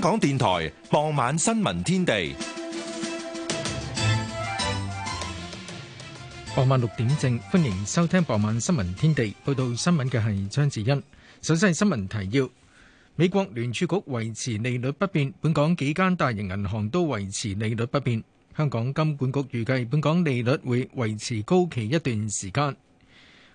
香港電台傍晚新聞天地，傍晚六點正，歡迎收聽傍晚新聞天地。報道新聞嘅係張子欣。首先係新聞提要：美國聯儲局維持利率不變，本港幾間大型銀行都維持利率不變。香港金管局預計，本港利率會維持高企一段時間。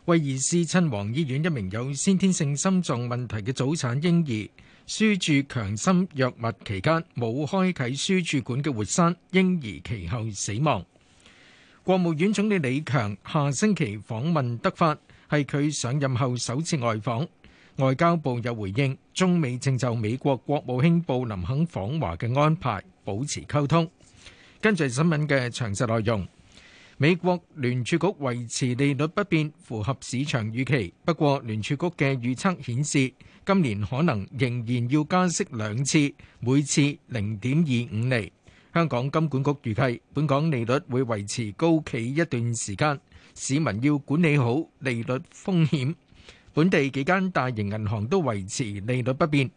威爾斯親王醫院一名有先天性心臟問題嘅早產嬰兒。輸注強心藥物期間冇開啟輸注管嘅活塞，嬰兒其後死亡。國務院總理李強下星期訪問德法，係佢上任後首次外訪。外交部有回應，中美正就美國國務卿布林肯訪華嘅安排保持溝通。跟住新聞嘅詳細內容，美國聯儲局維持利率不變，符合市場預期。不過聯儲局嘅預測顯示，今年可能仍然要加息兩次，每次零點二五釐。香港金管局預計本港利率會維持高企一段時間，市民要管理好利率風險。本地幾間大型銀行都維持利率不變，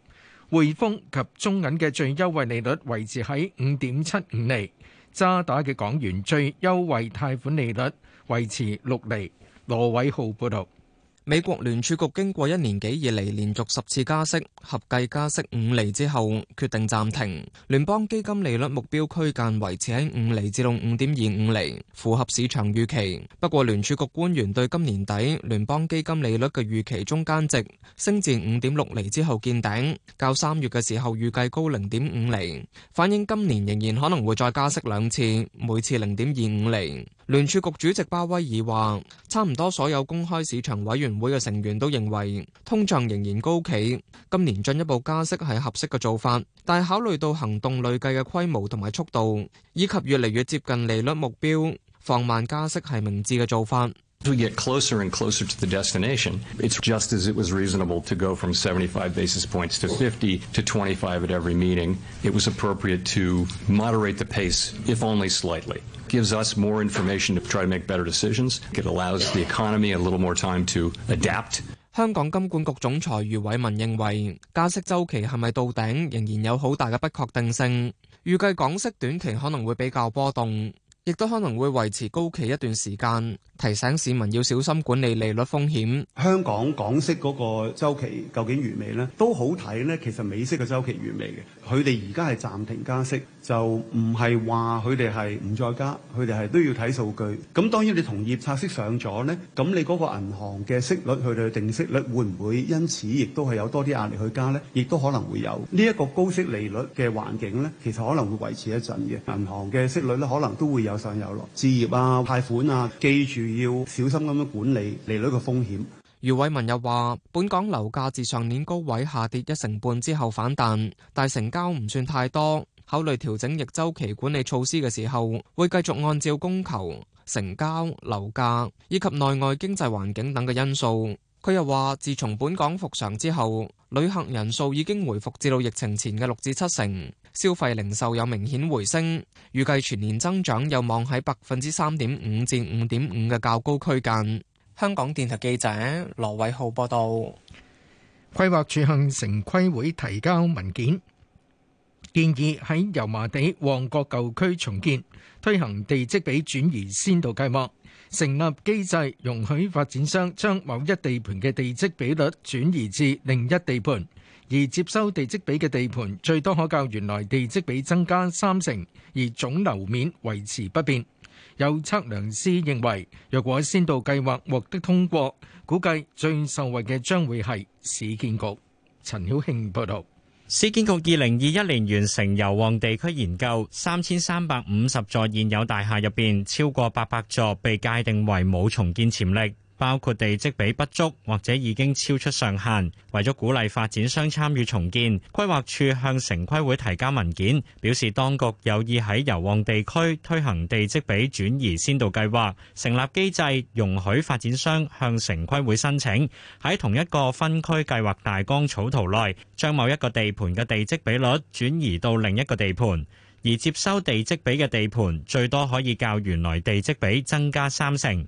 匯豐及中銀嘅最優惠利率維持喺五點七五釐，渣打嘅港元最優惠貸款利率維持六釐。羅偉浩報導。美國聯儲局經過一年幾以嚟，連續十次加息，合計加息五厘之後，決定暫停。聯邦基金利率目標區間，維持喺五厘至到五點二五厘，符合市場預期。不過，聯儲局官員對今年底聯邦基金利率嘅預期中間值升至五點六厘之後見頂，較三月嘅時候預計高零點五厘，反映今年仍然可能會再加息兩次，每次零點二五厘。聯儲局主席鮑威爾話，差唔多所有公開市場委員會嘅成員都認為，通脹仍然高企，今年進一步加息係合適嘅做法。但係考慮到行動累計嘅規模同埋速度，以及越嚟越接近利率目標，放慢加息係明智嘅做法。香港金管局總裁余偉文認為，加息周期係咪到頂，仍然有好大嘅不確定性。預計港息短期可能會比較波動，亦都可能會維持高企一段時間。提醒市民要小心管理利率風險。香港港息嗰個周期究竟完未呢？都好睇呢。其實美息嘅周期完未嘅，佢哋而家係暫停加息。就唔係話，佢哋係唔再加，佢哋係都要睇數據，咁當然你同業拆息上咗呢，咁你嗰個銀行嘅息率，佢哋定息率會唔會因此亦都係有多啲壓力去加呢，亦都可能會有呢一個高息利率嘅環境呢，其實可能會維持一陣嘅銀行嘅息率呢，可能都會有上有落。置業啊，貸款啊，記住要小心咁樣管理利率嘅風險。余偉文又話，本港樓價自上年高位下跌一成半之後反彈，但成交唔算太多。考慮調整逆週期管理措施嘅時候，會繼續按照供求、成交、樓價以及內外經濟環境等嘅因素。佢又話，自從本港復常之後，旅客人數已經回復至到疫情前嘅六至七成，消費零售有明顯回升，預計全年增長有望喺百分之三點五至五點五嘅較高區間。香港電台記者羅偉浩報道。規劃處向城規會提交文件。建議喺油麻地、旺角舊區重建，推行地積比轉移先導計劃，成立機制容許發展商將某一地盤嘅地積比率轉移至另一地盤，而接收地積比嘅地盤最多可較原來地積比增加三成，而總樓面維持不變。有測量師認為，若果先導計劃獲得通過，估計最受惠嘅將會係市建局。陳曉慶報道。市建局二零二一年完成油旺地區研究，三千三百五十座現有大廈入邊，超過八百座被界定為冇重建潛力。包括地積比不足或者已經超出上限，為咗鼓勵發展商參與重建，規劃處向城規會提交文件，表示當局有意喺油旺地區推行地積比轉移先導計劃，成立機制容許發展商向城規會申請喺同一個分區計劃大綱草圖內，將某一個地盤嘅地積比率轉移到另一個地盤，而接收地積比嘅地盤最多可以較原來地積比增加三成。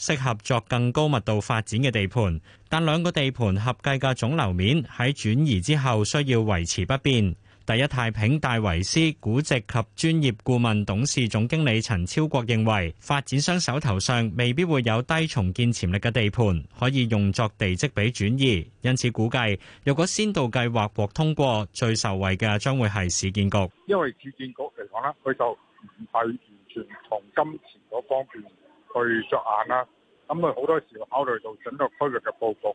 適合作更高密度發展嘅地盤，但兩個地盤合計嘅總樓面喺轉移之後需要維持不變。第一太平戴維斯估值及專業顧問董事總經理陳超國認為，發展商手頭上未必會有低重建潛力嘅地盤可以用作地積比轉移，因此估計若果先導計劃獲通過，最受惠嘅將會係市建局。因為市建局嚟講啦，佢就唔係完全從金錢嗰方面去着眼啦，咁佢好多時候考慮到整個區域嘅布局，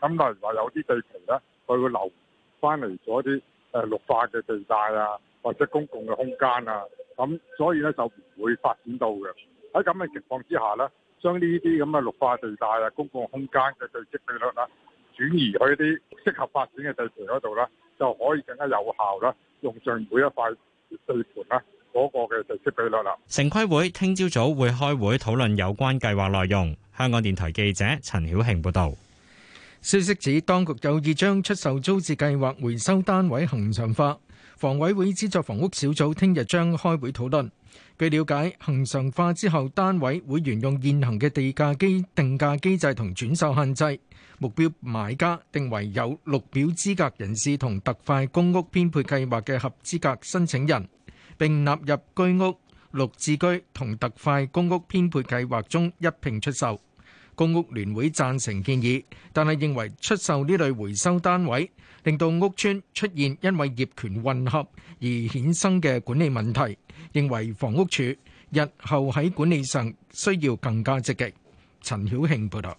咁例如話，有啲地皮咧，佢會留翻嚟咗啲誒綠化嘅地帶啊，或者公共嘅空間啊，咁所以咧就唔會發展到嘅。喺咁嘅情況之下咧，將呢啲咁嘅綠化地帶啊、公共空間嘅地積比率啦，轉移去啲適合發展嘅地皮嗰度啦，就可以更加有效啦，用上每一塊地盤啦。嗰個嘅措施比率啦，城規會聽朝早會開會討論有關計劃內容。香港電台記者陳曉慶報道。消息指當局有意將出售租置計劃回收單位恆常化，房委會資助房屋小組聽日將開會討論。據了解，恆常化之後，單位會沿用現行嘅地價機定價機制同轉售限制，目標買家定為有綠表資格人士同特快公屋編配計劃嘅合資格申請人。並納入居屋、綠置居同特快公屋編配計劃中一併出售。公屋聯會贊成建議，但係認為出售呢類回收單位，令到屋邨出現因為業權混合而衍生嘅管理問題，認為房屋署日後喺管理上需要更加積極。陳曉慶報導。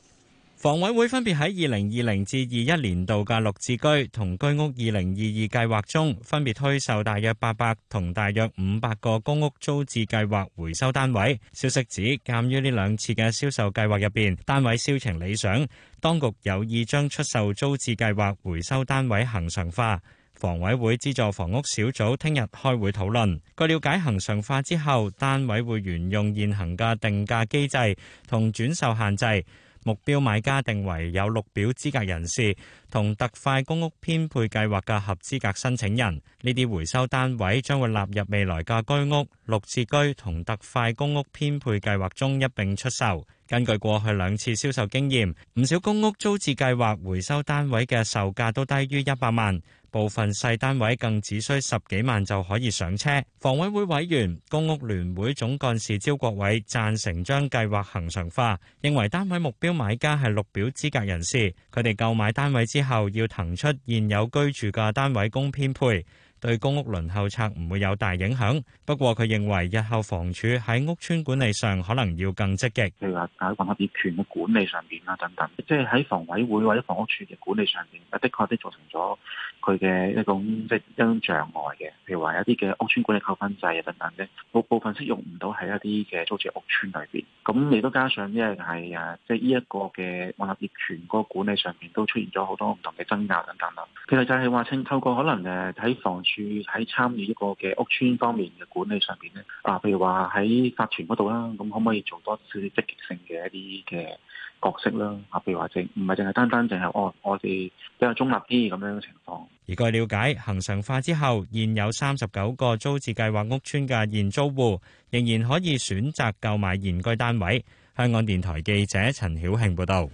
房委會分別喺二零二零至二一年度嘅綠置居同居屋二零二二計劃中，分別推售大約八百同大約五百個公屋租置計劃回收單位。消息指，鑒於呢兩次嘅銷售計劃入邊，單位銷情理想，當局有意將出售租置計劃回收單位恆常化。房委會資助房屋小組聽日開會討論。據了解，恆常化之後，單位會沿用現行嘅定價機制同轉售限制。目標買家定為有綠表資格人士同特快公屋編配計劃嘅合資格申請人，呢啲回收單位將會納入未來嘅居屋、綠置居同特快公屋編配計劃中一並出售。根據過去兩次銷售經驗，唔少公屋租置計劃回收單位嘅售價都低於一百萬。部分細單位更只需十幾萬就可以上車。房委會委員、公屋聯會總幹事招國偉贊成將計劃恒常化，認為單位目標買家係綠表資格人士，佢哋購買單位之後要騰出現有居住嘅單位供編配。對公屋輪候冊唔會有大影響，不過佢認為日後房署喺屋邨管理上可能要更積極。譬如話喺混合業權嘅管理上邊啦等等，即係喺房委會或者房屋署嘅管理上邊，啊，的確都造成咗佢嘅一種即係一種障礙嘅。譬如話一啲嘅屋邨管理扣分制啊等等嘅，部部分適用唔到喺一啲嘅租住屋邨裏邊。咁你都加上咧係啊，即係呢一個嘅混合業權嗰個管理上邊都出現咗好多唔同嘅爭拗等等啦。其實就係話稱透過可能誒喺房署。住喺參與一個嘅屋村方面嘅管理上邊咧，啊，譬如話喺法團嗰度啦，咁可唔可以做多少積極性嘅一啲嘅角色啦？啊，譬如話即唔係淨係單單淨係我我哋比較中立啲咁樣嘅情況。而據了解，恒常化之後，現有三十九個租置計劃屋村嘅現租戶仍然可以選擇購買現居單位。香港電台記者陳曉慶報導。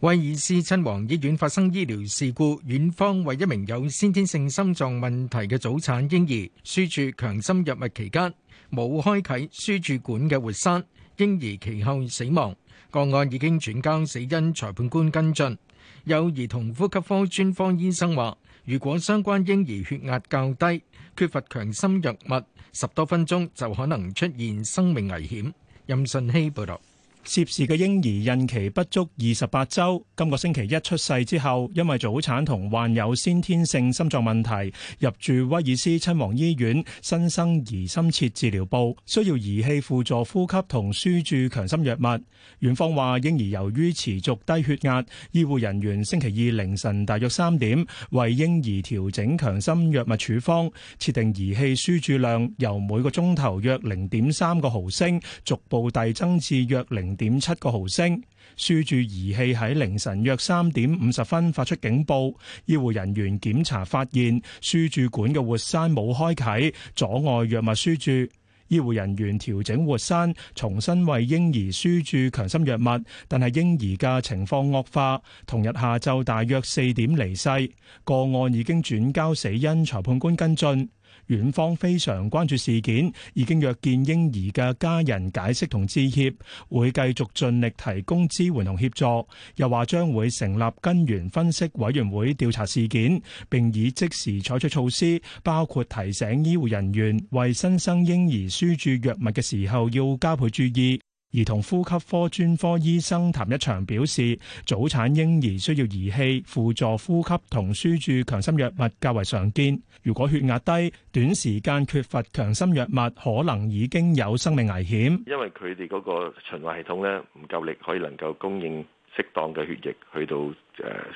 威爾斯親王醫院發生醫療事故，院方為一名有先天性心臟問題嘅早產嬰兒輸注強心藥物期間，冇開啟輸注管嘅活塞，嬰兒其後死亡。個案已經轉交死因裁判官跟進。有兒童呼吸科專科醫生話，如果相關嬰兒血壓較低、缺乏強心藥物，十多分鐘就可能出現生命危險。任信希報道。涉事嘅嬰兒孕期不足二十八週，今個星期一出世之後，因為早產同患有先天性心臟問題，入住威爾斯親王醫院新生兒深切治療部，需要儀器輔助呼吸同輸注強心藥物。院方話，嬰兒由於持續低血壓，醫護人員星期二凌晨大約三點為嬰兒調整強心藥物處方，設定儀器輸注量由每個鐘頭約零點三個毫升，逐步遞增至約零點七個毫升，輸注儀器喺凌晨約三點五十分發出警報，醫護人員檢查發現輸注管嘅活塞冇開啟，阻礙藥物輸注。醫護人員調整活塞，重新為嬰兒輸注強心藥物，但係嬰兒嘅情況惡化，同日下晝大約四點離世。個案已經轉交死因裁判官跟進。院方非常關注事件，已經約見嬰兒嘅家人解釋同致歉，會繼續盡力提供支援同協助。又話將會成立根源分析委員會調查事件，並已即時採取措施，包括提醒醫護人員為新生嬰兒輸注藥物嘅時候要加倍注意。兒童呼吸科專科醫生譚一祥表示，早產嬰兒需要儀器輔助呼吸同輸注強心藥物較為常見。如果血壓低，短時間缺乏強心藥物，可能已經有生命危險。因為佢哋嗰個循環系統咧唔夠力，可以能夠供應。適當嘅血液去到誒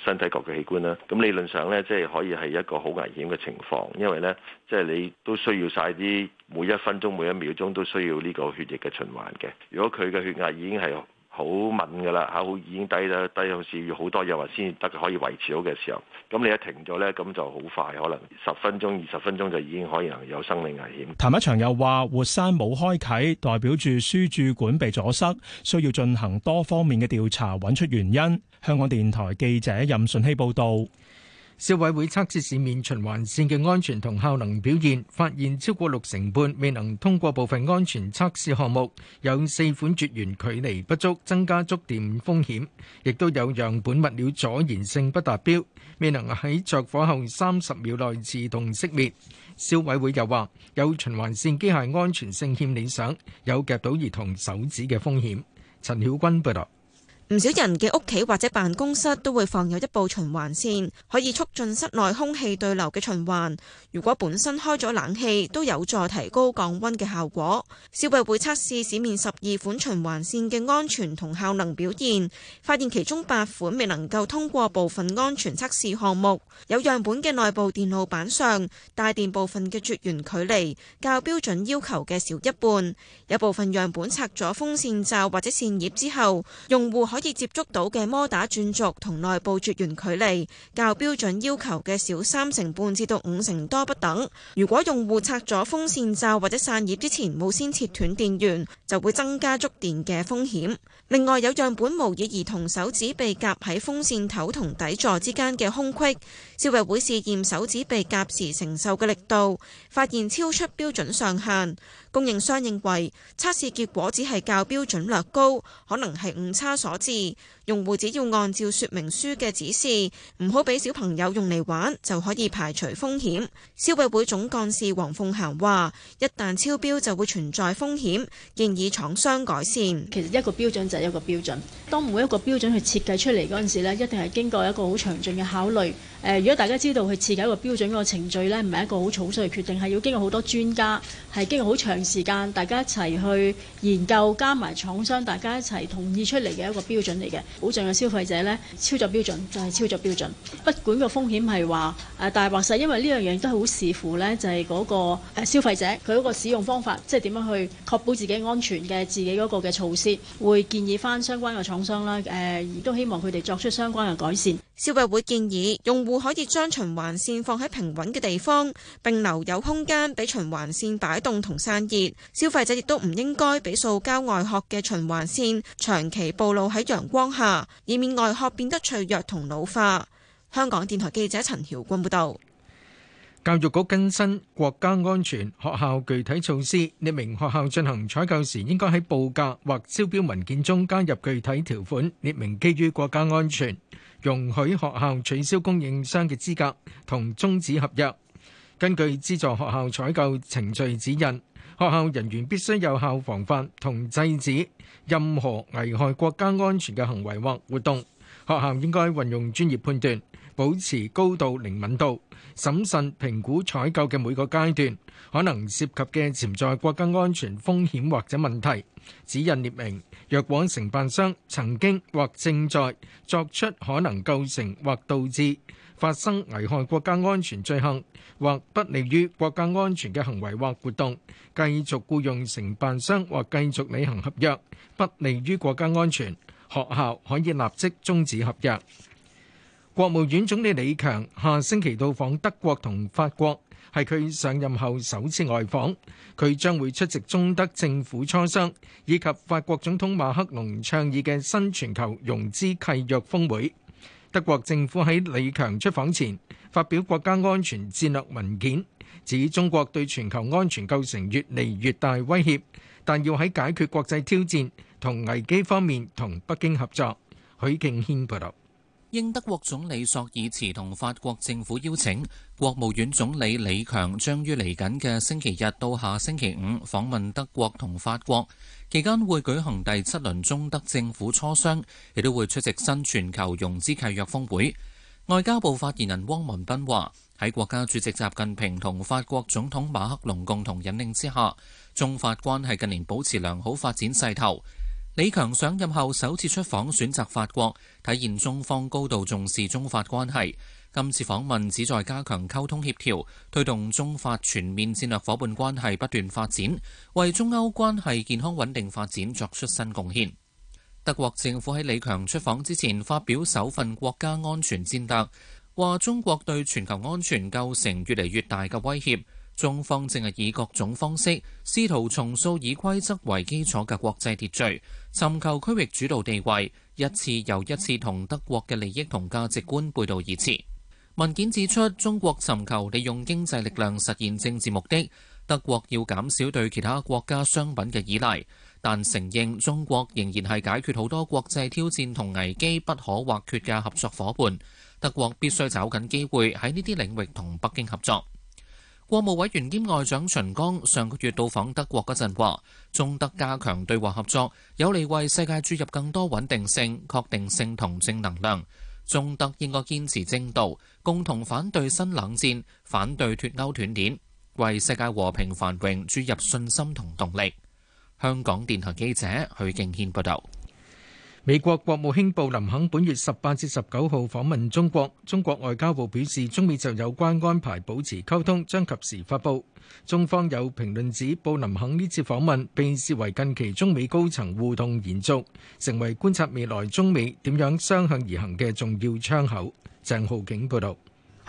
身體各個器官啦，咁理論上咧，即係可以係一個好危險嘅情況，因為咧，即係你都需要曬啲每一分鐘、每一秒鐘都需要呢個血液嘅循環嘅。如果佢嘅血壓已經係好敏噶啦，嚇，已經低咗，低到需要好多藥物先得可以維持到嘅時候，咁你一停咗呢，咁就好快，可能十分鐘、二十分鐘就已經可能有生命危險。譚一祥又話：活塞冇開啓，代表住輸注管被阻塞，需要進行多方面嘅調查，揾出原因。香港電台記者任順希報導。消委會測試市面循環線嘅安全同效能表現，發現超過六成半未能通過部分安全測試項目，有四款絕緣距離不足，增加觸電風險，亦都有樣本物料阻燃性不達標，未能喺着火後三十秒內自動熄滅。消委會又話，有循環線機械安全性欠理想，有夾到兒童手指嘅風險。陳曉君報道。唔少人嘅屋企或者辦公室都會放有一部循環扇，可以促進室內空氣對流嘅循環。如果本身開咗冷氣，都有助提高降溫嘅效果。消委會測試市面十二款循環扇嘅安全同效能表現，發現其中八款未能夠通過部分安全測試項目。有樣本嘅內部電路板上帶電部分嘅絕緣距離較標準要求嘅少一半。有部分樣本拆咗風扇罩或者扇葉之後，用戶可以。易接觸到嘅摩打轉軸同內部絕緣距離，較標準要求嘅少三成半至到五成多不等。如果用戶拆咗風扇罩或者散熱之前冇先切斷電源，就會增加觸電嘅風險。另外，有樣本模擬兒童手指被夾喺風扇頭同底座之間嘅空隙。消委會試驗手指被夾時承受嘅力度，發現超出標準上限。供應商認為，測試結果只係較標準略高，可能係誤差所致。用戶只要按照説明書嘅指示，唔好俾小朋友用嚟玩，就可以排除風險。消委會總幹事黃鳳嫻話：一旦超標就會存在風險，建議廠商改善。其實一個標準就係一個標準，當每一個標準去設計出嚟嗰陣時咧，一定係經過一個好詳盡嘅考慮。誒、呃，如果大家知道去設計一個標準個程序呢，唔係一個好草率嘅決定，係要經過好多專家，係經過好長時間，大家一齊去研究，加埋廠商，大家一齊同意出嚟嘅一個標準嚟嘅。保障嘅消費者呢，操作標準就係、是、操作標準，不管個風險係話誒大或細，因為呢樣嘢都係好視乎呢，就係、是、嗰個消費者佢嗰個使用方法，即係點樣去確保自己安全嘅自己嗰個嘅措施，會建議翻相關嘅廠商啦，誒、呃、亦都希望佢哋作出相關嘅改善。消委會建議用戶可以將循環線放喺平穩嘅地方，並留有空間俾循環線擺動同散熱。消費者亦都唔應該俾塑膠外殼嘅循環線長期暴露喺陽光下，以免外殼變得脆弱同老化。香港電台記者陳曉君報道。教育局更新國家安全學校具體措施，列明學校進行採購時應該喺報價或招標文件中加入具體條款，列明基於國家安全容許學校取消供應商嘅資格同終止合約。根據資助學校採購程序指引，學校人員必須有效防範同制止任何危害國家安全嘅行為或活動。學校應該運用專業判斷，保持高度靈敏度。審慎評估採購嘅每個階段，可能涉及嘅潛在國家安全風險或者問題。指引列明，若往承辦商曾經或正在作出可能構成或導致發生危害國家安全罪行，或不利於國家安全嘅行為或活動，繼續僱用承辦商或繼續履行合約，不利於國家安全，學校可以立即終止合約。國務院總理李強下星期到訪德國同法國，係佢上任後首次外訪。佢將會出席中德政府磋商，以及法國總統馬克龍倡議嘅新全球融資契約峰會。德國政府喺李強出訪前發表國家安全戰略文件，指中國對全球安全構成越嚟越大威脅，但要喺解決國際挑戰同危機方面同北京合作。許敬軒報道。應德國總理索爾茨同法國政府邀請，國務院總理李強將於嚟緊嘅星期日到下星期五訪問德國同法國，期間會舉行第七輪中德政府磋商，亦都會出席新全球融資契約峰會。外交部發言人汪文斌話，喺國家主席習近平同法國總統馬克龍共同引領之下，中法關係近年保持良好發展勢頭。李強上任後首次出訪選擇法國，體現中方高度重視中法關係。今次訪問旨在加強溝通協調，推動中法全面戰略夥伴關係不斷發展，為中歐關係健康穩定發展作出新貢獻。德國政府喺李強出訪之前發表首份國家安全戰略，話中國對全球安全構成越嚟越大嘅威脅。中方正係以各種方式試圖重塑以規則為基礎嘅國際秩序，尋求區域主導地位，一次又一次同德國嘅利益同價值觀背道而馳。文件指出，中國尋求利用經濟力量實現政治目的。德國要減少對其他國家商品嘅依賴，但承認中國仍然係解決好多國際挑戰同危機不可或缺嘅合作伙伴。德國必須找緊機會喺呢啲領域同北京合作。國務委員兼外長秦剛上個月到訪德國嗰陣話，中德加強對話合作，有利為世界注入更多穩定性、確定性同正能量。中德應該堅持正道，共同反對新冷戰，反對脫歐斷鏈，為世界和平繁榮注入信心同動力。香港電台記者許敬軒報道。美國國務卿布林肯本月十八至十九號訪問中國，中國外交部表示，中美就有關安排保持溝通，將及時發布。中方有評論指，布林肯呢次訪問被視為近期中美高層互動延續，成為觀察未來中美點樣相向而行嘅重要窗口。鄭浩景報道。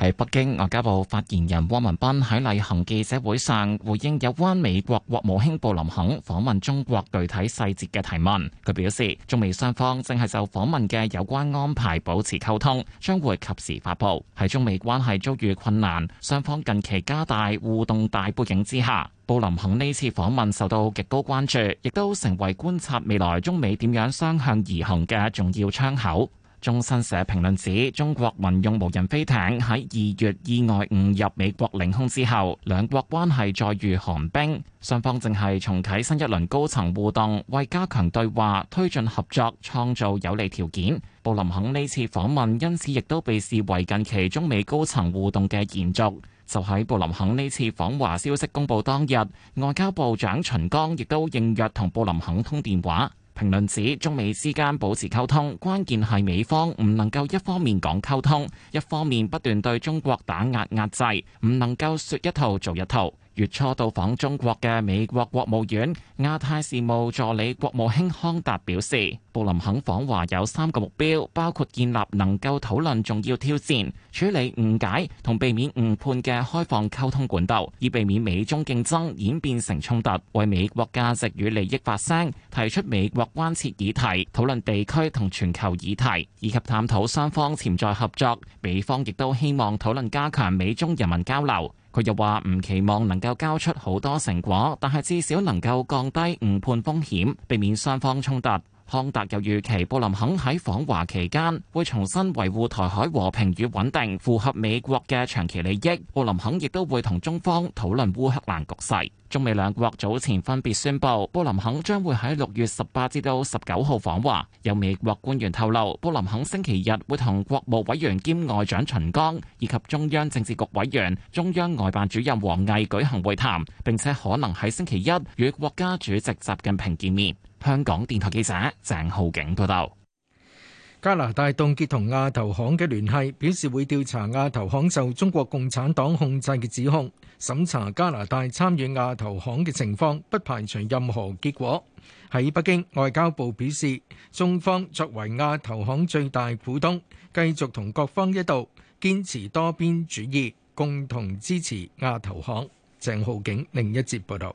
喺北京外交部發言人汪文斌喺例行記者會上回應有關美國國務卿布林肯訪問中國具體細節嘅提問。佢表示，中美雙方正係就訪問嘅有關安排保持溝通，將會及時發布。喺中美關係遭遇困難，雙方近期加大互動大背景之下，布林肯呢次訪問受到極高關注，亦都成為觀察未來中美點樣相向而行嘅重要窗口。中新社評論指，中國民用無人飛艇喺二月意外誤入美國領空之後，兩國關係再遇寒冰。雙方正係重啟新一輪高層互動，為加強對話、推進合作、創造有利條件。布林肯呢次訪問因此亦都被視為近期中美高層互動嘅延續，就喺布林肯呢次訪華消息公布當日，外交部長秦剛亦都應約同布林肯通電話。評論指中美之間保持溝通，關鍵係美方唔能夠一方面講溝通，一方面不斷對中國打壓壓制，唔能夠說一套做一套。月初到訪中國嘅美國國務院亞太事務助理國務卿康達表示，布林肯訪華有三個目標，包括建立能夠討論重要挑戰、處理誤解同避免誤判嘅開放溝通管道，以避免美中競爭演變成衝突；為美國價值與利益發聲，提出美國關切議題，討論地區同全球議題，以及探討雙方潛在合作。美方亦都希望討論加強美中人民交流。佢又話：唔期望能夠交出好多成果，但係至少能夠降低誤判風險，避免雙方衝突。康達又預期，布林肯喺訪華期間會重新維護台海和平與穩定，符合美國嘅長期利益。布林肯亦都會同中方討論烏克蘭局勢。中美兩國早前分別宣布，布林肯將會喺六月十八至到十九號訪華。有美國官員透露，布林肯星期日會同國務委員兼外長秦剛以及中央政治局委員、中央外辦主任王毅舉行會談，並且可能喺星期一與國家主席習近平見面。香港電台記者鄭浩景報道：多多加拿大凍結同亞投行嘅聯繫，表示會調查亞投行受中國共產黨控制嘅指控，審查加拿大參與亞投行嘅情況，不排除任何結果。喺北京，外交部表示，中方作為亞投行最大股東，繼續同各方一道堅持多邊主義，共同支持亞投行。鄭浩景另一節報道。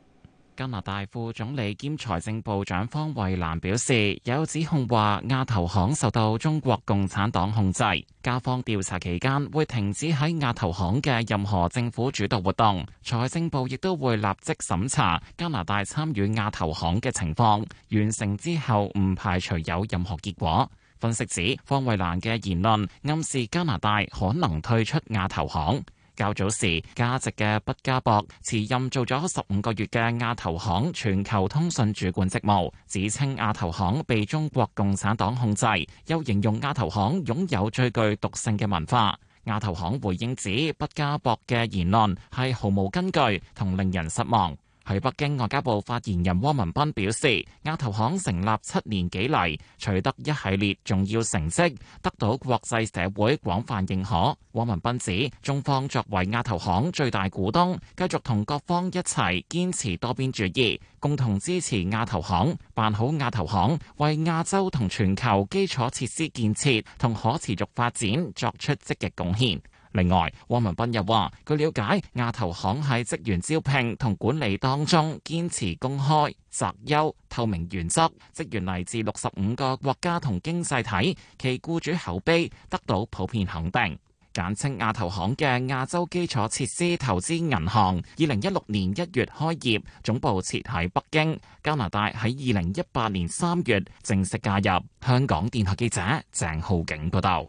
加拿大副總理兼財政部長方慧蘭表示，有指控話亞投行受到中國共產黨控制。加方調查期間會停止喺亞投行嘅任何政府主導活動，財政部亦都會立即審查加拿大參與亞投行嘅情況，完成之後唔排除有任何結果。分析指方慧蘭嘅言論暗示加拿大可能退出亞投行。較早時，加籍嘅畢加博辭任做咗十五個月嘅亞投行全球通訊主管職務，指稱亞投行被中國共產黨控制，又形容亞投行擁有最具毒性嘅文化。亞投行回應指畢加博嘅言論係毫無根據同令人失望。喺北京，外交部發言人汪文斌表示，亞投行成立七年幾嚟，取得一系列重要成績，得到國際社會廣泛認可。汪文斌指，中方作為亞投行最大股東，繼續同各方一齊堅持多邊主義，共同支持亞投行辦好亞投行，為亞洲同全球基礎設施建設同可持續發展作出積極貢獻。另外，汪文斌又話，據了解，亞投行喺職員招聘同管理當中堅持公開擇優透明原則，職員嚟自六十五個國家同經濟體，其僱主口碑得到普遍肯定。簡稱亞投行嘅亞洲基礎設施投資銀行，二零一六年一月開業，總部設喺北京。加拿大喺二零一八年三月正式加入。香港電台記者鄭浩景報道。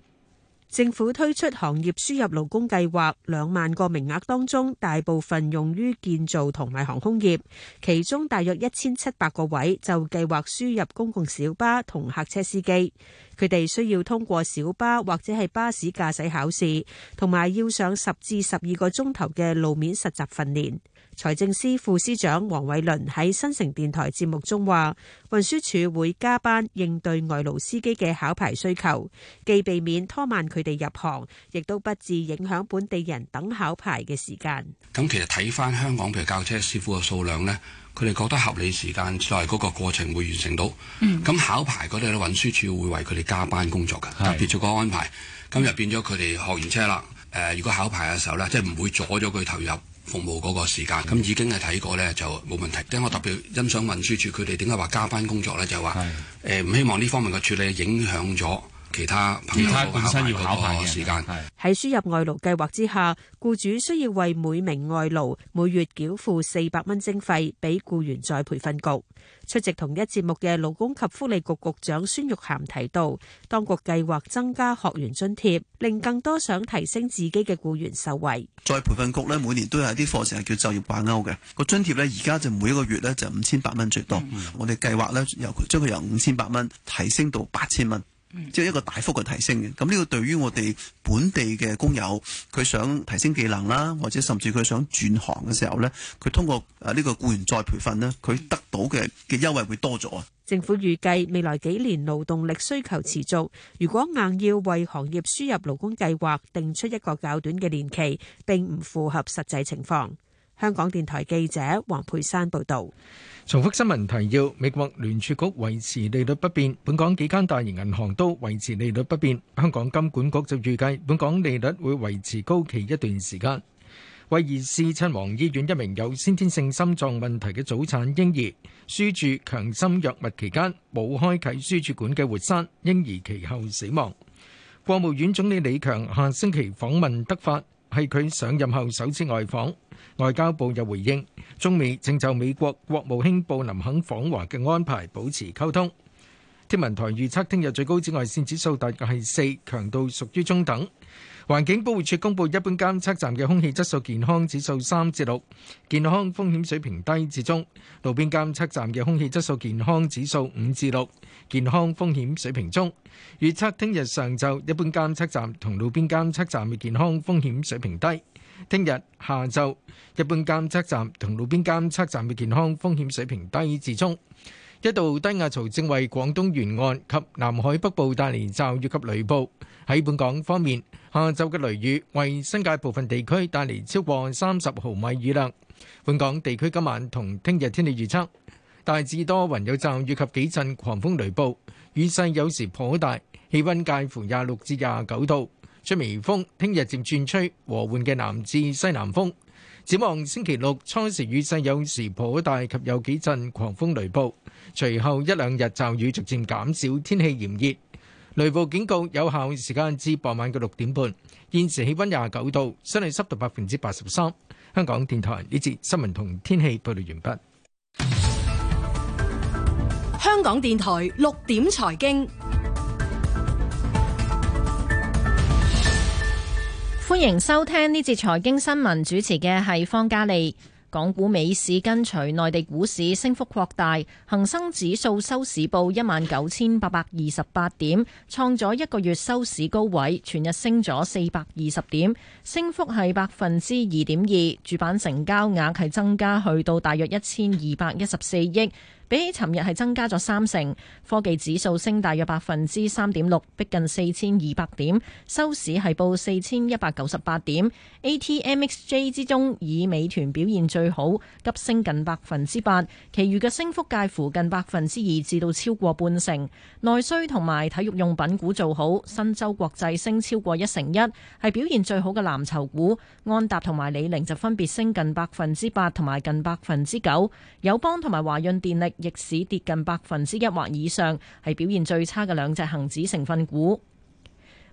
政府推出行業輸入勞工計劃兩萬個名額當中，大部分用於建造同埋航空業，其中大約一千七百個位就計劃輸入公共小巴同客車司機，佢哋需要通過小巴或者係巴士駕駛考試，同埋要上十至十二個鐘頭嘅路面實習訓練。財政司副司長黃偉綸喺新城電台節目中話，運輸署會加班應對外勞司機嘅考牌需求，既避免拖慢佢哋入行，亦都不致影響本地人等考牌嘅時間。咁、嗯嗯、其實睇翻香港譬如教車師傅嘅數量呢，佢哋覺得合理時間在嗰個過程會完成到。咁考牌嗰度，運輸署會為佢哋加班工作嘅，特別做個安排。今日變咗，佢哋學完車啦。誒、呃，如果考牌嘅時候咧，即係唔會阻咗佢投入服務嗰個時間。咁已經係睇過咧，就冇問題。因為我特別欣賞運輸署佢哋點解話加班工作咧，就話誒唔希望呢方面嘅處理影響咗其他朋友、本身要考牌嘅時間。喺是輸入外勞計劃之下，僱主需要為每名外勞每月繳付四百蚊徵費，俾僱員再培訓局。出席同一節目嘅勞工及福利局局長孫玉菡提到，當局計劃增加學員津貼，令更多想提升自己嘅僱員受惠。再培訓局咧，每年都有一啲課程係叫就業掛鈎嘅，個津貼咧而家就每一個月咧就五千八蚊最多。嗯、我哋計劃咧，由將佢由五千八蚊提升到八千蚊。即係一個大幅嘅提升嘅，咁、這、呢個對於我哋本地嘅工友，佢想提升技能啦，或者甚至佢想轉行嘅時候呢，佢通過誒呢個僱員再培訓呢，佢得到嘅嘅優惠會多咗啊！政府預計未來幾年勞動力需求持續，如果硬要為行業輸入勞工計劃定出一個較短嘅年期，並唔符合實際情況。香港電台記者黃佩珊報道：重複新聞提要，美國聯儲局維持利率不變，本港幾間大型銀行都維持利率不變。香港金管局就預計本港利率會維持高企一段時間。威爾斯親王醫院一名有先天性心臟問題嘅早產嬰兒，輸注強心藥物期間冇開啟輸注管嘅活塞，嬰兒其後死亡。國務院總理李強下星期訪問德法。係佢上任後首次外訪，外交部又回應，中美正就美國國務卿布林肯訪華嘅安排保持溝通。天文台預測聽日最高紫外線指數大概係四，強度屬於中等。環境保護署公布一般監測站嘅空氣質素健康指數三至六，6，健康風險水平低至中；路邊監測站嘅空氣質素健康指數五至六，6，健康風險水平中。預測聽日上晝一般監測站同路邊監測站嘅健康風險水平低；聽日下晝一般監測站同路邊監測站嘅健康風險水平低至中。一度道低壓槽正為廣東沿岸及南海北部帶嚟驟雨及雷暴。喺本港方面，下晝嘅雷雨為新界部分地區帶嚟超過三十毫米雨量。本港地區今晚同聽日天氣預測，大致多雲有驟雨及幾陣狂風雷暴，雨勢有時頗大，氣溫介乎廿六至廿九度，吹微風，聽日漸轉吹和緩嘅南至西南風。展望星期六初時雨勢有時頗大及有幾陣狂風雷暴，隨後一兩日驟雨逐漸減少，天氣炎熱。雷暴警告有效時間至傍晚嘅六點半。現時氣温廿九度，相對濕度百分之八十三。香港電台呢節新聞同天氣報道完畢。香港電台六點財經。歡迎收聽呢節財經新聞，主持嘅係方嘉利。港股、美市跟隨內地股市升幅擴大，恒生指數收市報一萬九千八百二十八點，創咗一個月收市高位，全日升咗四百二十點，升幅係百分之二點二。主板成交額係增加去到大約一千二百一十四億。比起尋日係增加咗三成，科技指數升大約百分之三點六，逼近四千二百點，收市係報四千一百九十八點。A T M X J 之中，以美團表現最好，急升近百分之八，其餘嘅升幅介乎近百分之二至到超過半成。內需同埋體育用品股做好，新洲國際升超過一成一，係表現最好嘅藍籌股。安踏同埋李寧就分別升近百分之八同埋近百分之九。友邦同埋華潤電力，逆市跌近百分之一或以上，係表現最差嘅兩隻恒指成分股。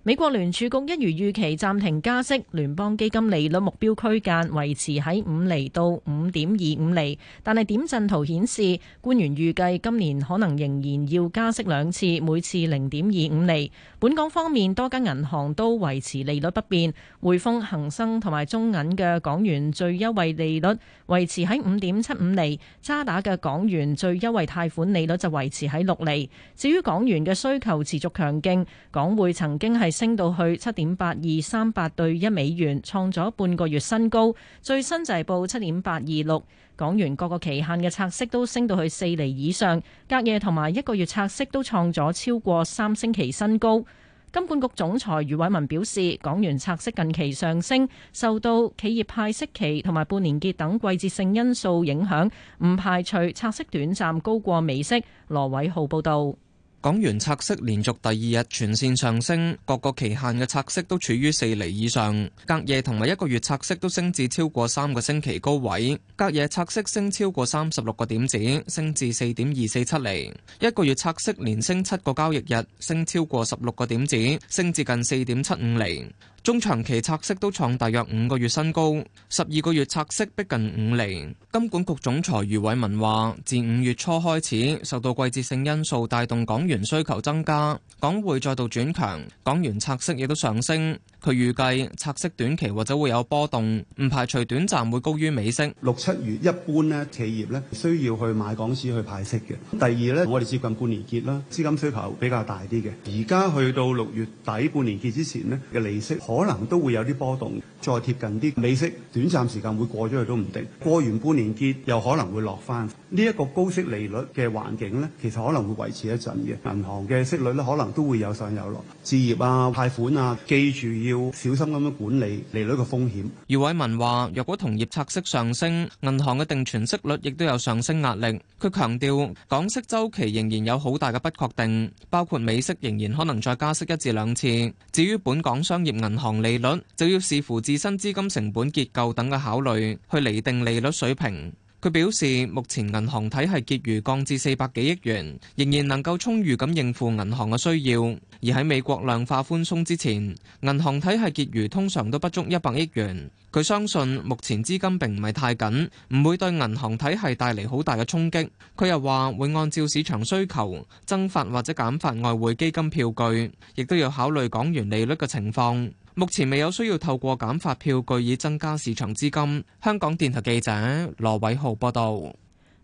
美國聯儲局一如預期暫停加息，聯邦基金利率目標區間維持喺五厘到五點二五厘。但係點陣圖顯示，官員預計今年可能仍然要加息兩次，每次零點二五厘。本港方面，多間銀行都維持利率不變。匯豐、恒生同埋中銀嘅港元最優惠利率維持喺五點七五厘，渣打嘅港元最優惠貸款利率就維持喺六厘。至於港元嘅需求持續強勁，港匯曾經係，升到去七點八二三八對一美元，創咗半個月新高。最新就係報七點八二六港元。各個期限嘅拆息都升到去四厘以上，隔夜同埋一個月拆息都創咗超過三星期新高。金管局總裁余偉文表示，港元拆息近期上升，受到企業派息期同埋半年結等季節性因素影響，唔排除拆息短暫高過美息。羅偉浩報導。港元拆息連續第二日全線上升，各個期限嘅拆息都處於四厘以上。隔夜同埋一個月拆息都升至超過三個星期高位，隔夜拆息升超過三十六個點子，升至四點二四七厘。一個月拆息連升七個交易日，升超過十六個點子，升至近四點七五厘。中長期拆息都創大約五個月新高，十二個月拆息逼近五厘。金管局總裁余偉文話，自五月初開始，受到季節性因素帶動港元需求增加，港匯再度轉強，港元拆息亦都上升。佢預計拆息短期或者會有波動，唔排除短暫會高於美息。六七月一般呢，企業呢，需要去買港紙去派息嘅。第二呢，我哋接近半年結啦，資金需求比較大啲嘅。而家去到六月底半年結之前呢，嘅利息，可能都會有啲波動，再貼近啲美息，短暫時間會過咗去都唔定，過完半年結又可能會落翻。呢、這、一個高息利率嘅環境咧，其實可能會維持一陣嘅，銀行嘅息率咧可能都會有上有落，置業啊、貸款啊，記住要小心咁樣管理利率嘅風險。余偉文話，若果同業拆息上升，銀行嘅定存息率亦都有上升壓力。佢強調，港息週期仍然有好大嘅不確定，包括美息仍然可能再加息一至兩次。至於本港商業銀，銀行利率就要視乎自身資金成本結構等嘅考慮去厘定利率水平。佢表示，目前銀行體系結餘降至四百幾億元，仍然能夠充裕咁應付銀行嘅需要。而喺美國量化寬鬆之前，銀行體系結餘通常都不足一百億元。佢相信目前資金並唔係太緊，唔會對銀行體系帶嚟好大嘅衝擊。佢又話會按照市場需求增發或者減發外匯基金票據，亦都要考慮港元利率嘅情況。目前未有需要透過減發票據以增加市場資金。香港電台記者羅偉浩報道。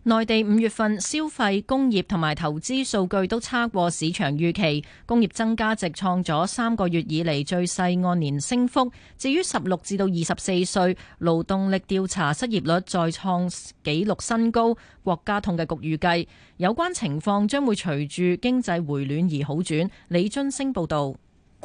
內地五月份消費、工業同埋投資數據都差過市場預期，工業增加值創咗三個月以嚟最細按年升幅。至於十六至到二十四歲勞動力調查失業率再創紀錄新高，國家統計局預計有關情況將會隨住經濟回暖而好轉。李津升報道。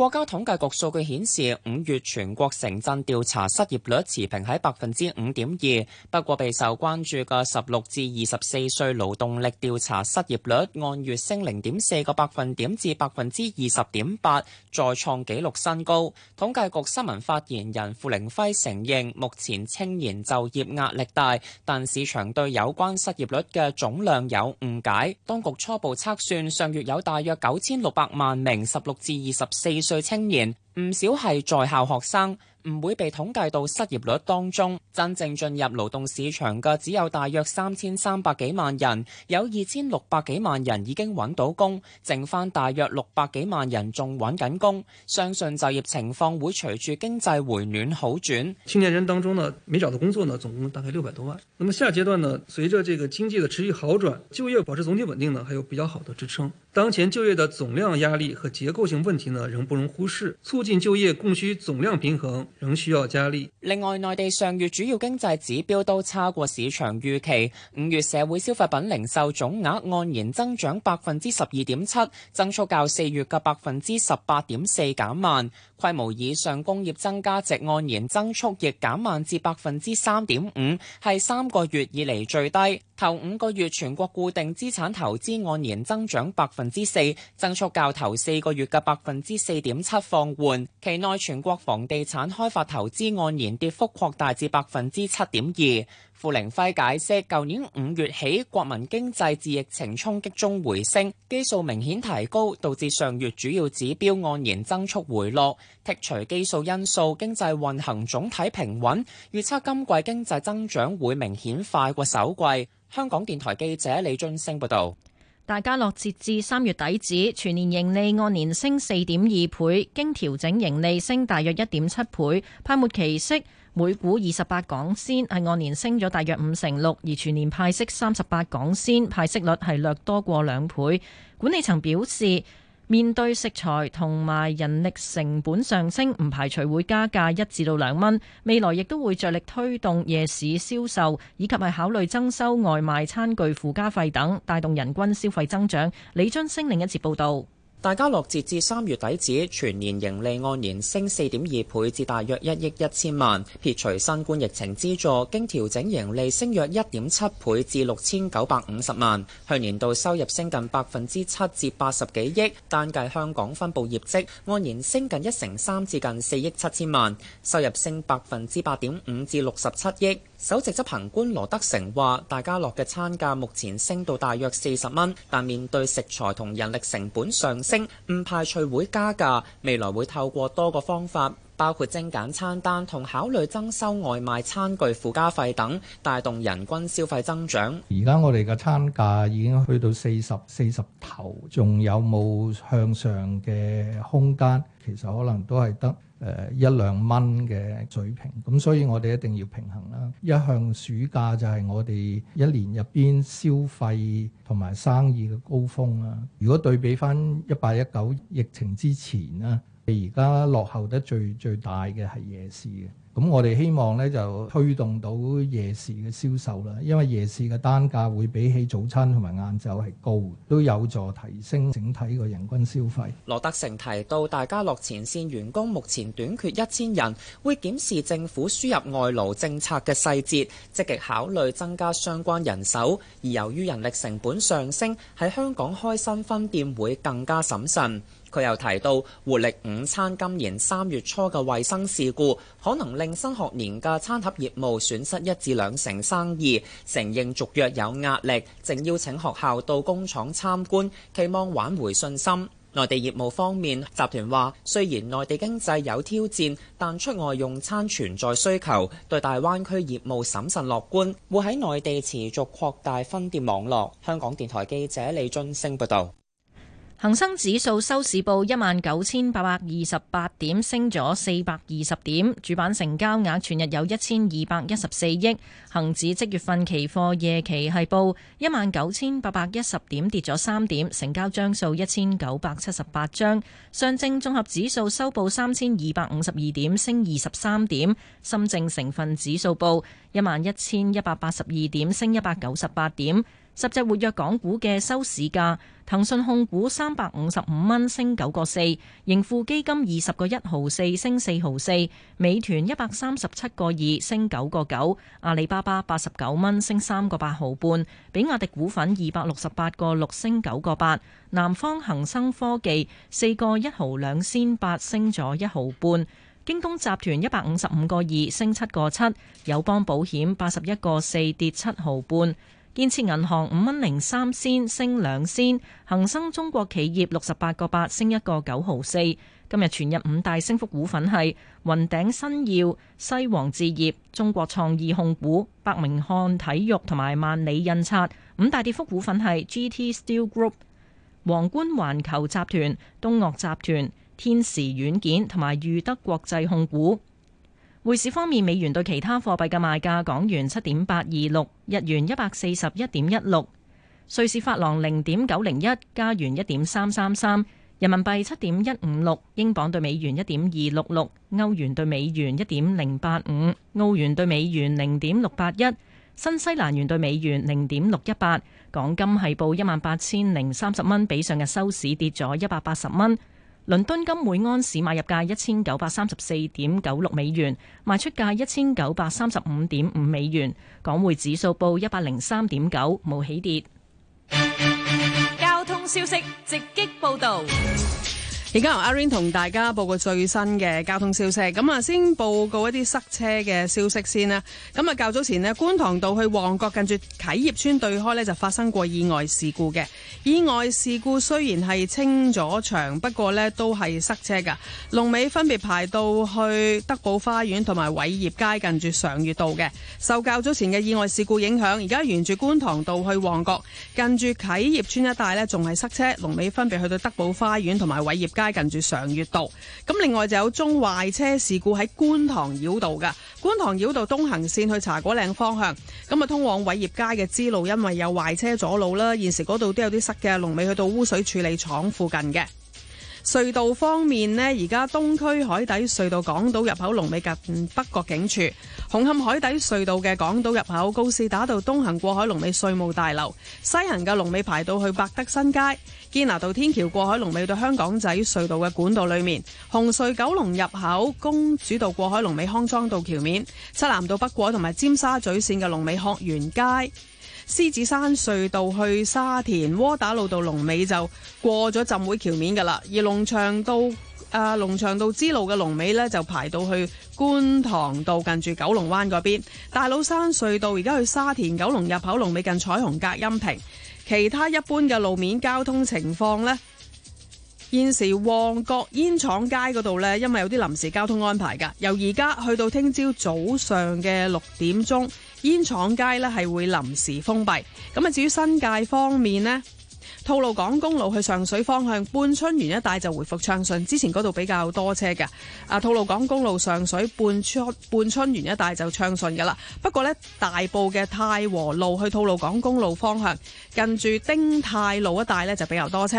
國家統計局數據顯示，五月全國城鎮調查失業率持平喺百分之五點二。不過備受關注嘅十六至二十四歲勞動力調查失業率按月升零點四個百分點至百分之二十點八，再創紀錄新高。統計局新聞發言人傅玲輝承認，目前青年就業壓力大，但市場對有關失業率嘅總量有誤解。當局初步測算，上月有大約九千六百萬名十六至二十四歲。對青年唔少係在校學生。唔會被統計到失業率當中，真正進入勞動市場嘅只有大約三千三百幾萬人，有二千六百幾萬人已經揾到工，剩返大約六百幾萬人仲揾緊工。相信就業情況會隨住經濟回暖好轉。青年人當中呢，沒找到工作呢，總共大概六百多萬。那麼下階段呢，隨着這個經濟的持續好轉，就業保持總體穩定呢，還有比較好的支撐。當前就業的總量壓力和結構性問題呢，仍不容忽視，促進就業供需總量平衡。仍需要加力。另外，內地上月主要經濟指標都差過市場預期。五月社會消費品零售總額按年增長百分之十二點七，增速較四月嘅百分之十八點四減慢。規模以上工業增加值按年增速亦減慢至百分之三點五，係三個月以嚟最低。頭五個月全國固定資產投資按年增長百分之四，增速較頭四個月嘅百分之四點七放緩。期內全國房地產開發投資按年跌幅擴大至百分之七點二。傅凌輝解釋，舊年五月起，國民經濟自疫情衝擊,擊中回升，基數明顯提高，導致上月主要指標按年增速回落。剔除基數因素，經濟運行總體平穩。預測今季經濟增長會明顯快過首季。香港電台記者李俊升報道，大家樂截至三月底止，全年盈利按年升四點二倍，經調整盈利升大約一點七倍。派末期息每股二十八港仙，係按年升咗大約五成六，而全年派息三十八港仙，派息率係略多過兩倍。管理層表示，面對食材同埋人力成本上升，唔排除會加價一至到兩蚊。未來亦都會着力推動夜市銷售，以及係考慮增收外賣餐具附加費等，帶動人均消費增長。李津升另一節報道。大家樂截至三月底止全年盈利按年升四點二倍至大約一億一千萬，撇除新冠疫情資助，經調整盈利升約一點七倍至六千九百五十萬。去年度收入升近百分之七至八十幾億，單計香港分部業績按年升近一成三至近四億七千萬，收入升百分之八點五至六十七億。首席執行官羅德成話，大家樂嘅餐價目前升到大約四十蚊，但面對食材同人力成本上升，唔排除會加價。未來會透過多個方法，包括精簡餐單同考慮增收外賣餐具附加費等，帶動人均消費增長。而家我哋嘅餐價已經去到四十四十頭，仲有冇向上嘅空間？其實可能都係得誒一兩蚊嘅水平，咁所以我哋一定要平衡啦。一向暑假就係我哋一年入邊消費同埋生意嘅高峰啦。如果對比返一八一九疫情之前啦，你而家落後得最最大嘅係夜市嘅。咁我哋希望呢就推動到夜市嘅銷售啦，因為夜市嘅單價會比起早餐同埋晏晝係高，都有助提升整體嘅人均消費。羅德成提到，大家樂前線員工目前短缺一千人，會檢視政府輸入外勞政策嘅細節，積極考慮增加相關人手。而由於人力成本上升，喺香港開新分店會更加審慎。佢又提到，活力午餐今年三月初嘅衛生事故，可能令新學年嘅餐盒業務損失一至兩成生意，承認續約有壓力，正邀請學校到工廠參觀，期望挽回信心。內地業務方面，集團話雖然內地經濟有挑戰，但出外用餐存在需求，對大灣區業務審慎樂觀，會喺內地持續擴大分店網絡，香港電台記者李津升報道。恒生指數收市報一萬九千八百二十八點，升咗四百二十點。主板成交額全日有一千二百一十四億。恒指即月份期貨夜期係報一萬九千八百一十點，跌咗三點，成交張數一千九百七十八張。上證綜合指數收報三千二百五十二點，升二十三點。深證成分指數報一萬一千一百八十二點，升一百九十八點。十隻活躍港股嘅收市價，騰訊控股三百五十五蚊升九個四，盈富基金二十個一毫四升四毫四，美團一百三十七個二升九個九，阿里巴巴八十九蚊升三個八毫半，比亞迪股份二百六十八個六升九個八，南方恒生科技四個一毫兩仙八升咗一毫半，京東集團一百五十五個二升七個七，友邦保險八十一個四跌七毫半。建設銀行五蚊零三仙升兩仙，恒生中國企業六十八個八升一個九毫四。今日全日五大升幅股份係雲頂新耀、西王置業、中國創意控股、百名漢體育同埋萬里印刷。五大跌幅股份係 GT Steel Group、皇冠環球集團、東岳集團、天時軟件同埋裕德國際控股。匯市方面，美元對其他貨幣嘅賣價：港元七點八二六，日元一百四十一點一六，瑞士法郎零點九零一，加元一點三三三，人民幣七點一五六，英鎊兌美元一點二六六，歐元兌美元一點零八五，澳元兌美元零點六八一，新西蘭元兌美元零點六一八。港金係報一萬八千零三十蚊，比上日收市跌咗一百八十蚊。倫敦金每安士買入價一千九百三十四點九六美元，賣出價一千九百三十五點五美元。港匯指數報一百零三點九，冇起跌。交通消息直擊報道。而家由阿 rain 同大家報告最新嘅交通消息。咁啊，先報告一啲塞車嘅消息先啦。咁啊，較早前咧，觀塘道去旺角近住啟業邨對開咧，就發生過意外事故嘅。意外事故雖然係清咗場，不過咧都係塞車噶龍尾分別排到去德寶花園同埋偉業街近住上月道嘅。受較早前嘅意外事故影響，而家沿住觀塘道去旺角近住啟業邨一帶咧，仲係塞車。龍尾分別去到德寶花園同埋偉業街街近住常悅道，咁另外就有宗壞車事故喺觀塘繞道㗎，觀塘繞道東行線去茶果嶺方向，咁就通往偉業街嘅支路，因為有壞車阻路啦，現時嗰度都有啲塞嘅，龍尾去到污水處理廠附近嘅。隧道方面呢，而家東區海底隧道港島入口龍尾近北角警署；紅磡海底隧道嘅港島入口，告士打道東行過海龍尾稅務大樓；西行嘅龍尾排到去百德新街；堅拿道天橋過海龍尾到香港仔隧道嘅管道裏面；紅隧九龍入口公主道過海龍尾康莊道橋面；漆咸道北過同埋尖沙咀線嘅龍尾鶴園街。獅子山隧道去沙田窩打老道龍尾就過咗浸會橋面噶啦，而龍翔道啊龍翔道支路嘅龍尾呢，就排到去觀塘道近住九龍灣嗰邊，大老山隧道而家去沙田九龍入口龍尾近彩虹隔音屏，其他一般嘅路面交通情況呢。現時旺角煙廠街嗰度咧，因為有啲臨時交通安排噶，由而家去到聽朝早上嘅六點鐘，煙廠街咧係會臨時封閉。咁啊，至於新界方面呢，吐露港公路去上水方向半春園一帶就回復暢順，之前嗰度比較多車嘅。啊，吐露港公路上水半春半春園一帶就暢順噶啦。不過咧，大埔嘅太和路去吐露港公路方向，近住汀太路一帶咧就比較多車。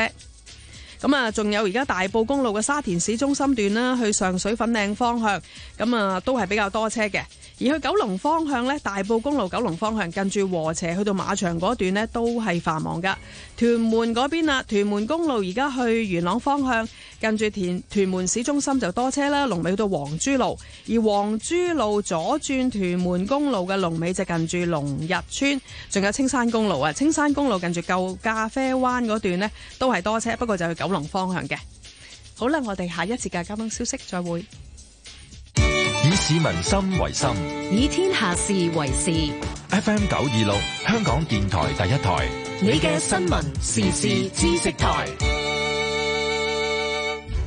咁啊，仲有而家大埔公路嘅沙田市中心段啦，去上水粉嶺方向，咁啊都係比較多車嘅。而去九龍方向咧，大埔公路九龍方向近住禾輋去到馬場嗰段咧，都係繁忙噶。屯門嗰邊啦，屯門公路而家去元朗方向，近住屯屯門市中心就多車啦，龍尾去到黃珠路，而黃珠路左轉屯門公路嘅龍尾就近住龍日村，仲有青山公路啊，青山公路近住舊咖啡灣嗰段咧都係多車，不過就去九龍方向嘅，好啦，我哋下一次嘅交通消息再會。以市民心為心，以天下事為事。FM 九二六，香港電台第一台，你嘅新聞時事知識台。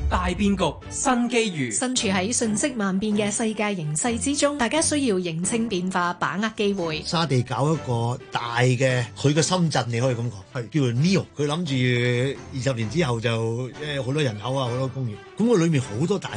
大變局，新機遇。身處喺信息萬變嘅世界形勢之中，大家需要認清變化，把握機會。沙地搞一個大嘅，佢嘅深圳你可以咁講，係叫做 Neo，佢諗住二十年之後就誒好多人口啊，好多工業，咁佢裏面好多大。